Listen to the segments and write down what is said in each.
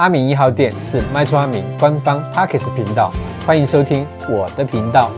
阿敏一號店是麥廚阿敏官方 p a r k e s 頻道，歡迎收聽我的頻道。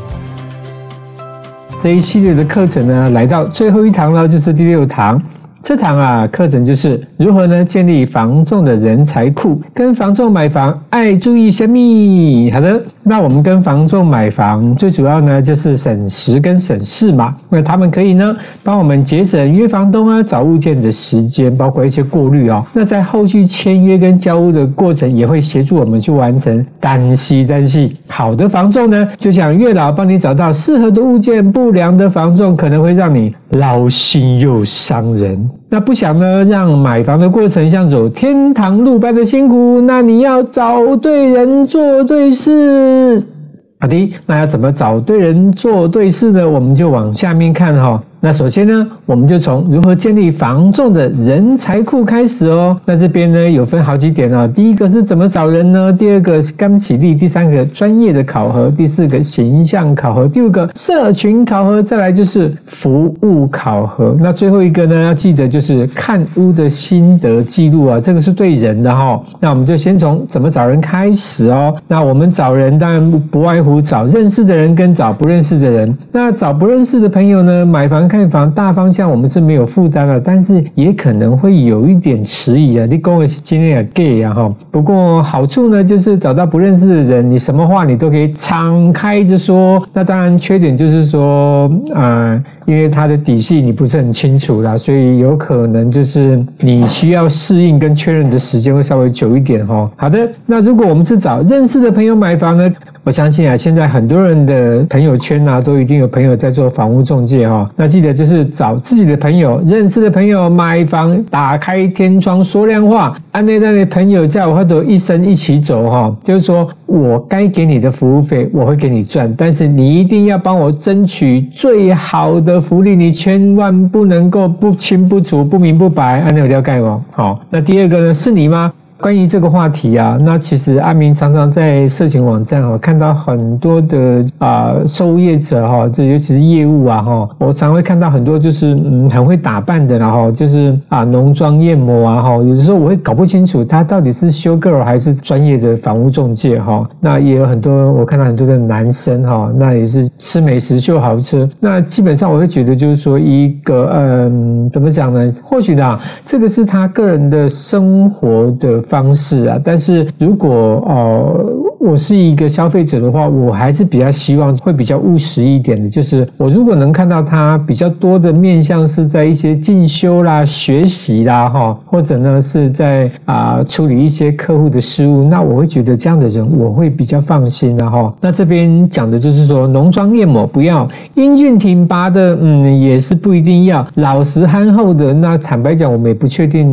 這一系列的課程呢，來到最後一堂了，就是第六堂。這堂啊課程就是如何呢建立房仲的人才庫，跟房仲買房，愛注意啥咪？好的，那我們跟房仲買房最主要呢就是省時跟省事嘛。那他們可以呢幫我們節省約房東啊找物件的時間，包括一些過濾哦。那在後續簽約跟交屋的過程，也會協助我們去完成單息單息。好的房仲呢，就像月老幫你找到適合的物件，不良的房仲可能會讓你勞心又傷人，那不想呢，讓買房的過程像走天堂路般的辛苦，那你要找對人做對事。好的，那要怎麼找對人做對事呢？我們就往下面看哈。那首先呢，我們就從如何建立房仲的人才庫開始哦。那這邊呢，有分好幾點哦、啊。第一個是怎麼找人呢？第二個是剛起立，第三個專業的考核，第四個形象考核，第五個社群考核，再來就是服務考核。那最後一個呢，要記得就是看屋的心得記錄啊，這個是對人的哈、哦。那我們就先從怎麼找人開始哦。那我們找人當然不外乎找認識的人跟找不認識的人。那找不認識的朋友呢，買房。看房大方向我們是沒有負擔的，但是也可能會有一點遲疑啊。你跟我今天也 gay 啊哈，不過好處呢就是找到不認識的人，你什麼話你都可以敞開着說。那當然缺點就是說，嗯、呃。因為他的底細你不是很清楚啦，所以有可能就是你需要適應跟確認的時間會稍微久一點哈、哦。好的，那如果我們是找認識的朋友買房呢？我相信啊，現在很多人的朋友圈啊，都一定有朋友在做房屋仲介哈、哦。那記得就是找自己的朋友、認識的朋友買房，打開天窗說亮話，按那那位朋友在我或者一生一起走哈、哦。就是說，我該給你的服務費我會給你賺，但是你一定要幫我爭取最好的。福利，你千萬不能夠不清不楚、不明不白，啊，那就掉蓋囉。好，那第二個呢，是你嗎？關於這個話題啊，那其實阿明常常在社群網站哈、哦、看到很多的啊，受、呃、業者哈、哦，這尤其是業務啊哈、哦，我常會看到很多就是嗯，很會打扮的啦，然、哦、後就是啊濃妝艷抹啊哈、哦，有時候我會搞不清楚他到底是 show girl 還是專業的房屋中介哈、哦。那也有很多我看到很多的男生哈、哦，那也是吃美食秀豪車。那基本上我會覺得就是說一個嗯，怎麼講呢？或許呢、啊，這個是他個人的生活的。方式啊，但是如果哦，呃我是一個消費者的話，我還是比較希望會比較務實一點的。就是我如果能看到他比較多的面向是在一些進修啦、學習啦，哈，或者呢是在啊、呃、處理一些客戶的事務，那我會覺得這樣的人我會比較放心的、啊、哈。那這邊講的就是說，濃妝艷抹不要，英俊挺拔的，嗯，也是不一定要，老實憨厚的。那坦白講，我們也不確定，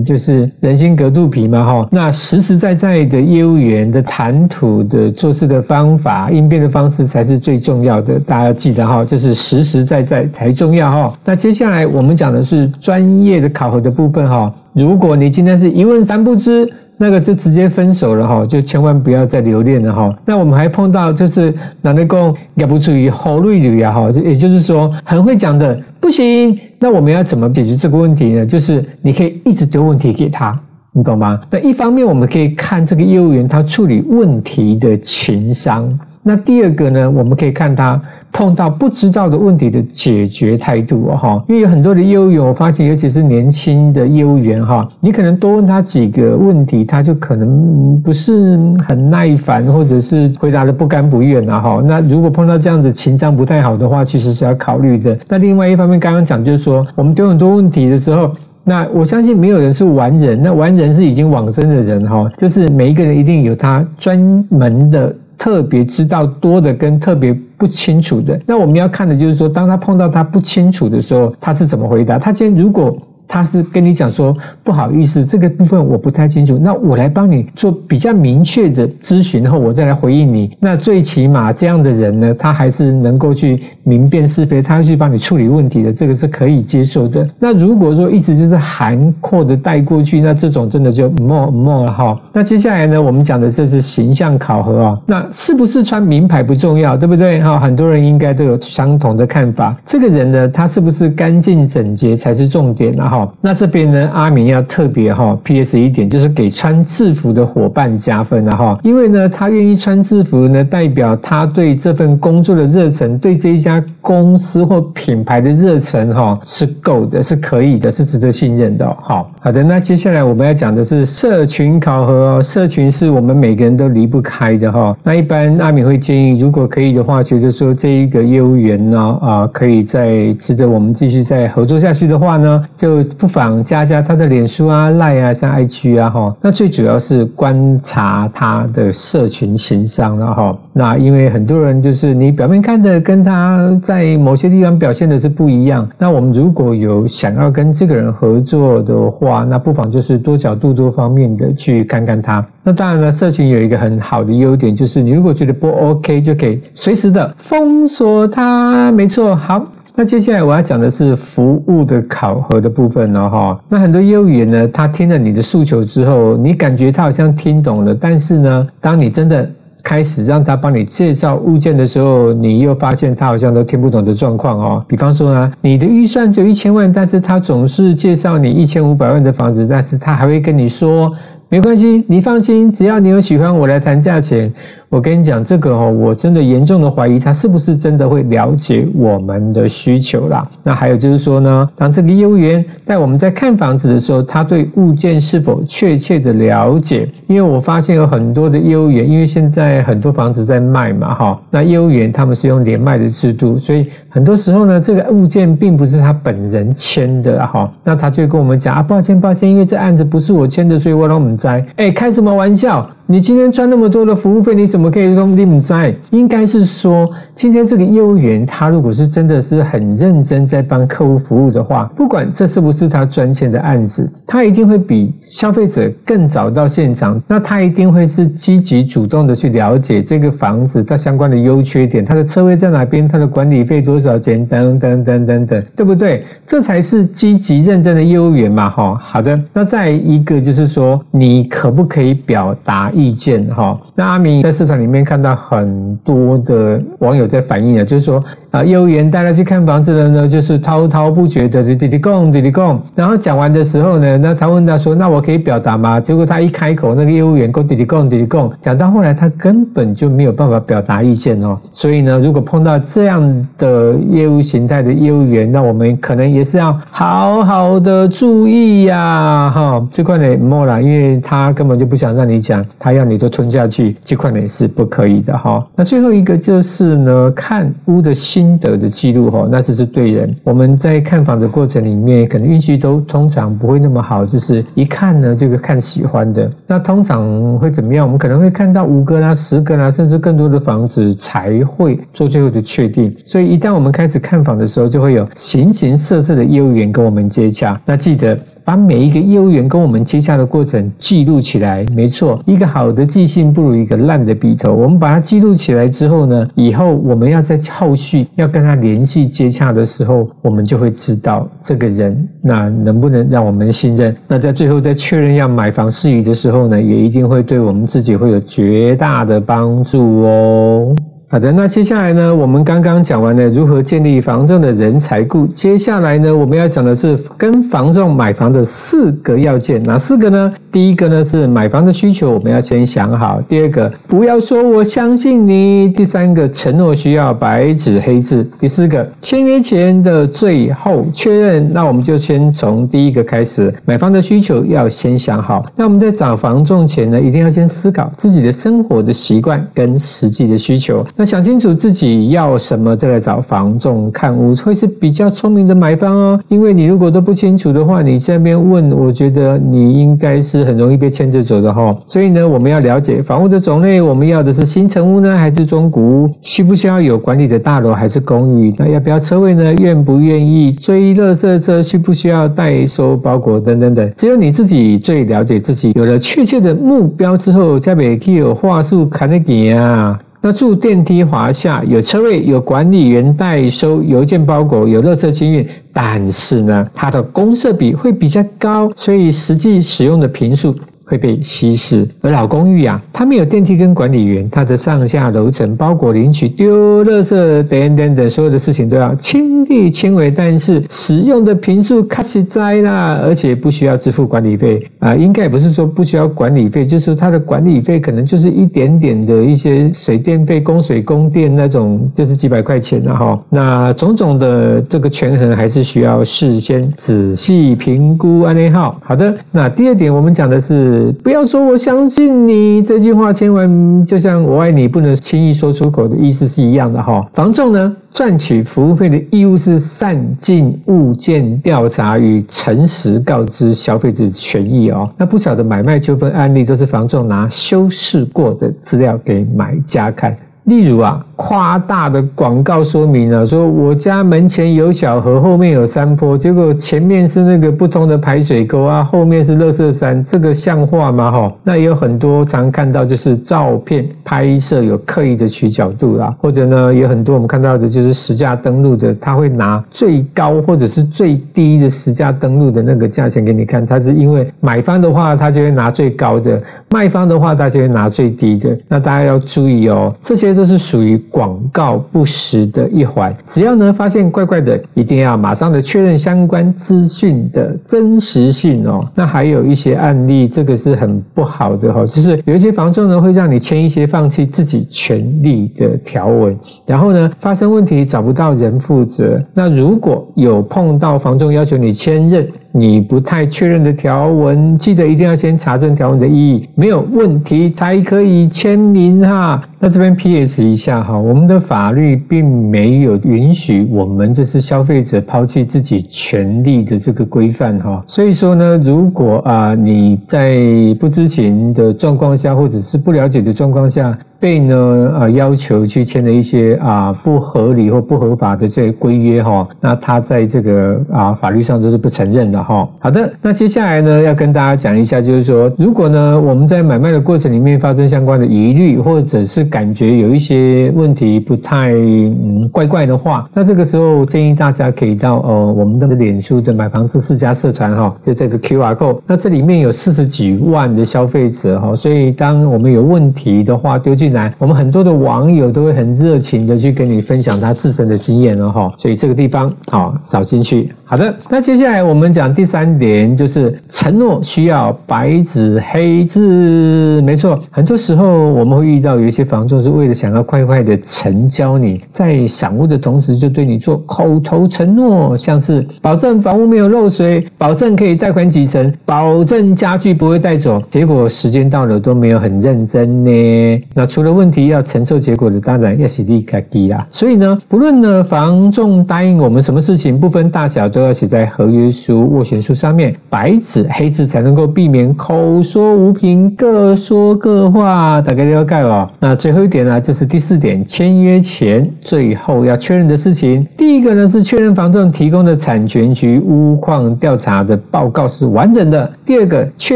嗯，就是人心隔肚皮嘛，哈。那實實在在的業務員的談。本土的做事的方法，應變的方式才是最重要的，大家要記得哈，就是實實在在才，才重要哈。那接下來我們講的是專業的考核的部分哈。如果你今天是一問三不知，那個就直接分手了哈，就千萬不要再留戀了哈。那我們還碰到就是男的公也不至於好睿智啊哈，也就是說很會講的不行。那我們要怎麼解決這個問題呢？就是你可以一直丟問題給他。你懂嗎？那一方面我們可以看這個業務員他處理問題的情商，那第二個呢，我們可以看他碰到不知道的問題的解決態度，哈。因為有很多的業務員，我發現尤其是年輕的業務員，哈，你可能多問他幾個問題，他就可能不是很耐煩，或者是回答的不甘不願。哈。那如果碰到這樣子情商不太好的話，其實是要考慮的。那另外一方面，剛剛講就是說，我們對很多問題的時候。那我相信沒有人是完人，那完人是已經往生的人哈，就是每一個人一定有他專門的、特別知道多的跟特別不清楚的。那我們要看的就是說，當他碰到他不清楚的時候，他是怎麼回答？他今天如果。他是跟你講說不好意思，這個部分我不太清楚，那我來幫你做比較明確的諮詢，然後我再來回應你。那最起碼這樣的人呢，他還是能夠去明辨是非，他會去幫你處理問題的，這個是可以接受的。那如果說一直就是含糊的帶過去，那這種真的就 more more 了、哦、哈。那接下來呢，我們講的這是形象考核啊、哦，那是不是穿名牌不重要，對不對哈、哦？很多人應該都有相同的看法。這個人呢，他是不是乾淨整潔才是重點啊？好，那這邊呢，阿明要特別哈 P S 一點，就是給穿制服的夥伴加分了、啊、哈，因為呢，他願意穿制服呢，代表他對這份工作的熱忱，對這一家公司或品牌的熱忱哈是夠的，是可以的，是值得信任的。好，好的，那接下來我們要講的是社群考核，社群是我們每個人都離不開的哈。那一般阿明會建議，如果可以的話，覺得說這一個業務員呢啊、呃，可以再值得我們繼續再合作下去的話呢，就不妨加加他的臉書啊、賴啊、像 IG 啊吼。那最主要是觀察他的社群情商了吼。那因為很多人就是你表面看的跟他在某些地方表現的是不一樣。那我們如果有想要跟這個人合作的話，那不妨就是多角度多方面的去看看他。那當然了，社群有一個很好的優點就是，你如果覺得不 OK，就可以隨時的封鎖他。沒錯，好。那接下來我要講的是服務的考核的部分了、哦、哈。那很多業務員呢，他聽了你的訴求之後，你感覺他好像聽懂了，但是呢，當你真的開始讓他幫你介紹物件的時候，你又發現他好像都聽不懂的狀況哦。比方說呢，你的預算就一千萬，但是他總是介紹你一千五百萬的房子，但是他還會跟你說沒關係，你放心，只要你有喜歡，我來談價錢。我跟你講這個哦，我真的嚴重的懷疑他是不是真的會了解我們的需求啦。那還有就是說呢，當這個業務員帶我們在看房子的時候，他對物件是否確切的了解？因為我發現有很多的業務員，因為現在很多房子在賣嘛，哈，那業務員他們是用連賣的制度，所以很多時候呢，這個物件並不是他本人簽的哈。那他就跟我們講啊，抱歉抱歉，因為這案子不是我簽的，所以我讓我們摘。哎，開什麼玩笑？你今天賺那麼多的服務費，你怎麼？我們可以從林在，應該是說，今天這個業務員他如果是真的是很認真在幫客戶服務的話，不管這是不是他賺錢的案子，他一定會比消費者更早到現場。那他一定會是積極主動的去了解這個房子它相關的優缺點，它的車位在哪邊，它的管理費多少錢等等等等等，對不對？這才是積極認真的業務員嘛，哈。好的，那再一個就是說，你可不可以表達意見？哈，那阿明在是。那裡面看到很多的網友在反映啊，就是說，啊，業務員帶他去看房子的呢，就是滔滔不絕的，就滴滴貢滴滴貢。然後講完的時候呢，那他問他說：“那我可以表達嗎？”結果他一開口，那個業務員給滴滴貢滴滴貢，講到後來他根本就沒有辦法表達意見哦。所以呢，如果碰到這樣的業務形態的業務員，那我們可能也是要好好的注意呀，哈。這塊呢，莫啦，因為他根本就不想讓你講，他要你都吞下去，這塊呢也是不可以的哈。那最後一個就是呢，看屋的心。心得的記錄哈，那這是對人。我們在看房的過程裡面，可能運氣都通常不會那麼好，就是一看呢，就會看喜歡的，那通常會怎麼樣？我們可能會看到五個啦、十個啦，甚至更多的房子才會做最後的確定。所以一旦我們開始看房的時候，就會有形形色色的業務員跟我們接洽。那記得。把每一個業務員跟我們接洽的過程記錄起來，沒錯，一個好的記性不如一個爛的筆頭。我們把它記錄起來之後呢，以後我們要在後續要跟他聯繫接洽的時候，我們就會知道這個人那能不能讓我們信任。那在最後在確認要買房事宜的時候呢，也一定會對我們自己會有絕大的幫助哦。好的，那接下來呢，我們剛剛講完了如何建立房仲的人才庫，接下來呢，我們要講的是跟房仲買房的四個要件，哪四個呢？第一個呢是買房的需求，我們要先想好。第二個，不要說我相信你。第三個，承諾需要白紙黑字。第四個，簽約前的最後確認。那我們就先從第一個開始，買房的需求要先想好。那我們在找房仲前呢，一定要先思考自己的生活的習慣跟實際的需求。想清楚自己要什麼，再來找房仲看屋，會是比較聰明的買方哦。因為你如果都不清楚的話，你下面問，我覺得你應該是很容易被牽着走的哈、哦。所以呢，我們要了解房屋的種類，我們要的是新成屋呢，還是中古屋？需不需要有管理的大樓，還是公寓？那要不要車位呢？願不願意追垃圾車？需不需要代收包裹等等等？只有你自己最了解自己。有了確切的目標之後，才別去有話術看得點啊。那住電梯華廈有車位，有管理員代收郵件包裹，有垃圾清運，但是呢，它的公設比會比較高，所以實際使用的坪數會被稀釋，而老公寓啊，它沒有電梯跟管理員，它的上下樓層、包裹領取、丟垃圾點點等等等所有的事情都要親力親為，但是使用的頻數卡實在啦，而且不需要支付管理費啊、呃，應該也不是說不需要管理費，就是它的管理費可能就是一點點的一些水電費、供水供電那種，就是幾百塊錢了、啊、哈、哦。那種種的這個權衡還是需要事先仔細評估，安內號。好的，那第二點我們講的是。不要說我相信你這句話，千萬就像我愛你不能輕易說出口的意思是一樣的哈、哦。房仲呢，賺取服務費的義務是善盡物件調查與誠實告知消費者權益哦。那不少的買賣糾紛案例都是房仲拿修飾過的資料給買家看。例如啊，誇大的廣告說明啊，說我家門前有小河，後面有山坡，結果前面是那個不通的排水溝啊，後面是垃圾山，這個像話嗎？哈，那也有很多常看到就是照片拍攝有刻意的取角度啦、啊，或者呢，有很多我們看到的就是實價登錄的，他會拿最高或者是最低的實價登錄的那個價錢給你看，他是因為買方的話，他就會拿最高的，賣方的話，他就會拿最低的，那大家要注意哦，這些。這就是屬於廣告不實的一環，只要呢，發現怪怪的，一定要馬上的確認相關資訊的真實性哦。那還有一些案例，這個是很不好的哈、哦，就是有一些房仲呢會讓你簽一些放棄自己權利的條文，然後呢發生問題找不到人負責。那如果有碰到房仲要求你簽認，你不太確認的條文，記得一定要先查證條文的意義，沒有問題才可以簽名哈。那這邊 PS 一下哈，我們的法律並沒有允許我們這些消費者拋棄自己權利的這個規範哈。所以說呢，如果啊、呃、你在不知情的狀況下，或者是不了解的狀況下。被呢呃要求去簽了一些啊、呃、不合理或不合法的這些規約哈、哦，那他在這個啊、呃、法律上都是不承認的哈、哦。好的，那接下來呢要跟大家講一下，就是說如果呢我們在買賣的過程裡面發生相關的疑慮，或者是感覺有一些問題不太嗯怪怪的話，那這個時候建議大家可以到呃我們的臉書的買房知識家社團哈、哦，就這個 QR code，那這裡面有四十幾萬的消費者哈、哦，所以當我們有問題的話丟進。來，我們很多的網友都會很熱情的去跟你分享他自身的經驗，哦。所以這個地方，好，掃進去。好的，那接下來我們講第三點，就是承諾需要白紙黑字，沒錯。很多時候我們會遇到有一些房仲是為了想要快快的成交你，你在賞屋的同時就對你做口頭承諾，像是保證房屋沒有漏水，保證可以貸款幾成，保證家具不會帶走，結果時間到了都沒有很認真呢，那出。的問題要承受結果的，當然要是立竿見影。所以呢，不論呢房仲答應我們什麼事情，不分大小，都要寫在合約書、斡旋書上面，白紙黑字才能夠避免口說無憑、各說各話。大概都要蓋了，哦。那最後一點呢、啊，就是第四點，簽約前最後要確認的事情。第一個呢是確認房仲提供的產權及屋況調查的報告是完整的。第二個，確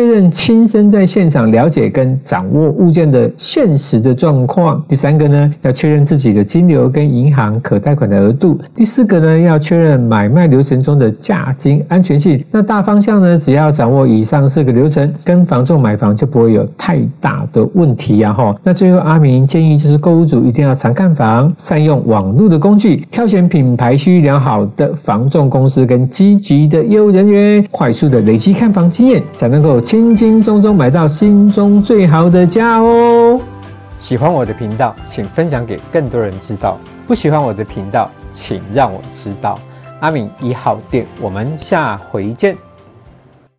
認親身在現場了解跟掌握物件的現實的狀況。第三個呢，要確認自己的金流跟銀行可貸款的額度。第四個呢，要確認買賣流程中的價金安全性。那大方向呢，只要掌握以上四個流程，跟房仲買房就不會有太大的問題啊！齁。那最後，阿明建議就是，購屋族一定要常看房，善用網絡的工具，挑選品牌需良好的房仲公司跟積極的業務人員，快速的累積看房經驗，才能夠輕輕鬆鬆買到心中最好的家哦。喜歡我的頻道，請分享給更多人知道。不喜歡我的頻道，請讓我知道。阿明一號店，我們下回見。